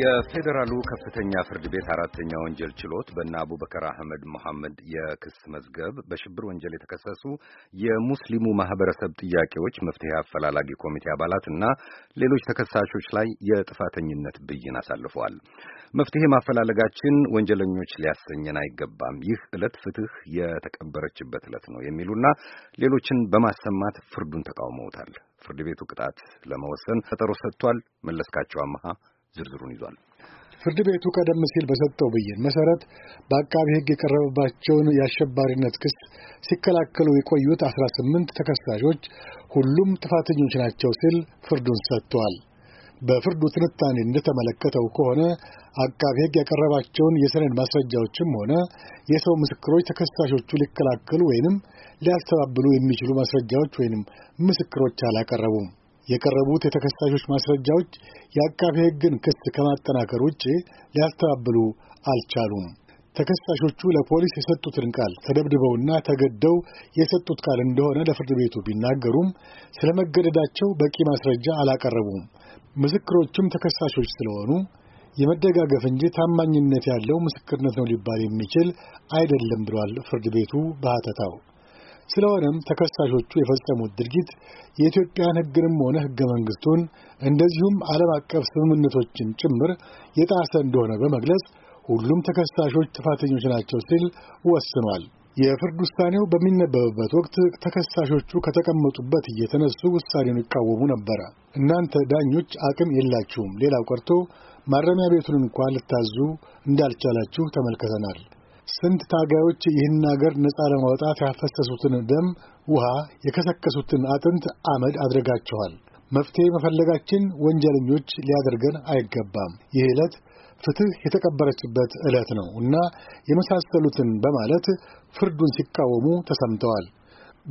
የፌዴራሉ ከፍተኛ ፍርድ ቤት አራተኛ ወንጀል ችሎት በእነ አቡበከር አህመድ መሐመድ የክስ መዝገብ በሽብር ወንጀል የተከሰሱ የሙስሊሙ ማህበረሰብ ጥያቄዎች መፍትሄ አፈላላጊ ኮሚቴ አባላት እና ሌሎች ተከሳሾች ላይ የጥፋተኝነት ብይን አሳልፈዋል። መፍትሄ ማፈላለጋችን ወንጀለኞች ሊያሰኘን አይገባም፣ ይህ ዕለት ፍትህ የተቀበረችበት ዕለት ነው የሚሉና ሌሎችን በማሰማት ፍርዱን ተቃውመውታል። ፍርድ ቤቱ ቅጣት ለመወሰን ፈጠሮ ሰጥቷል። መለስካቸው አመሃ ዝርዝሩን ይዟል። ፍርድ ቤቱ ቀደም ሲል በሰጠው ብይን መሰረት በአቃቢ ሕግ የቀረበባቸውን የአሸባሪነት ክስ ሲከላከሉ የቆዩት አስራ ስምንት ተከሳሾች ሁሉም ጥፋተኞች ናቸው ሲል ፍርዱን ሰጥቷል። በፍርዱ ትንታኔ እንደተመለከተው ከሆነ አቃቢ ሕግ ያቀረባቸውን የሰነድ ማስረጃዎችም ሆነ የሰው ምስክሮች ተከሳሾቹ ሊከላከሉ ወይንም ሊያስተባብሉ የሚችሉ ማስረጃዎች ወይንም ምስክሮች አላቀረቡም። የቀረቡት የተከሳሾች ማስረጃዎች የአቃቤ ሕግን ክስ ከማጠናከር ውጭ ሊያስተባብሉ አልቻሉም። ተከሳሾቹ ለፖሊስ የሰጡትን ቃል ተደብድበውና ተገደው የሰጡት ቃል እንደሆነ ለፍርድ ቤቱ ቢናገሩም ስለ መገደዳቸው በቂ ማስረጃ አላቀረቡም። ምስክሮቹም ተከሳሾች ስለሆኑ የመደጋገፍ እንጂ ታማኝነት ያለው ምስክርነት ነው ሊባል የሚችል አይደለም ብሏል ፍርድ ቤቱ በሐተታው። ስለሆነም ተከሳሾቹ የፈጸሙት ድርጊት የኢትዮጵያን ሕግንም ሆነ ሕገ መንግሥቱን እንደዚሁም ዓለም አቀፍ ስምምነቶችን ጭምር የጣሰ እንደሆነ በመግለጽ ሁሉም ተከሳሾች ጥፋተኞች ናቸው ሲል ወስኗል። የፍርድ ውሳኔው በሚነበብበት ወቅት ተከሳሾቹ ከተቀመጡበት እየተነሱ ውሳኔውን ይቃወሙ ነበረ። እናንተ ዳኞች አቅም የላችሁም፣ ሌላው ቀርቶ ማረሚያ ቤቱን እንኳ ልታዙ እንዳልቻላችሁ ተመልክተናል። ስንት ታጋዮች ይህን አገር ነፃ ለማውጣት ያፈሰሱትን ደም፣ ውሃ፣ የከሰከሱትን አጥንት አመድ አድርጋቸዋል መፍትሄ መፈለጋችን ወንጀለኞች ሊያደርገን አይገባም። ይህ ዕለት ፍትሕ የተቀበረችበት ዕለት ነው እና የመሳሰሉትን በማለት ፍርዱን ሲቃወሙ ተሰምተዋል።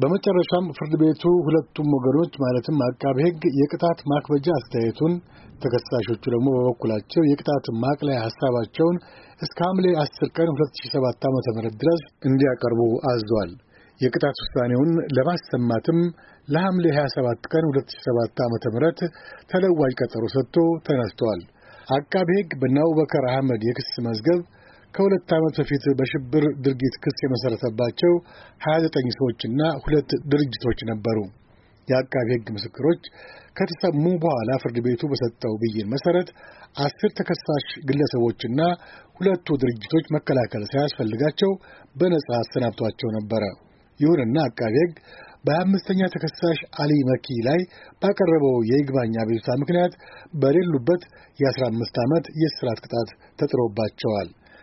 በመጨረሻም ፍርድ ቤቱ ሁለቱም ወገኖች ማለትም አቃቢ ሕግ የቅጣት ማክበጃ አስተያየቱን፣ ተከሳሾቹ ደግሞ በበኩላቸው የቅጣት ማቅለያ ሀሳባቸውን እስከ ሐምሌ 10 ቀን 2007 ዓ.ም ድረስ እንዲያቀርቡ አዟል። የቅጣት ውሳኔውን ለማሰማትም ለሐምሌ 27 ቀን 2007 ዓ.ም ተለዋጭ ቀጠሮ ሰጥቶ ተነስተዋል። አቃቢ ሕግ በእነ አህመድ የክስ መዝገብ ከሁለት ዓመት በፊት በሽብር ድርጊት ክስ የመሠረተባቸው 29 ሰዎችና ሁለት ድርጅቶች ነበሩ። የአቃቢ ሕግ ምስክሮች ከተሰሙ በኋላ ፍርድ ቤቱ በሰጠው ብይን መሠረት አስር ተከሳሽ ግለሰቦችና ሁለቱ ድርጅቶች መከላከል ሳያስፈልጋቸው በነጻ አሰናብቷቸው ነበረ። ይሁንና አቃቢ ሕግ በአምስተኛ ተከሳሽ አሊ መኪ ላይ ባቀረበው የይግባኝ አቤቱታ ምክንያት በሌሉበት የ15 ዓመት የእስራት ቅጣት ተጥሮባቸዋል።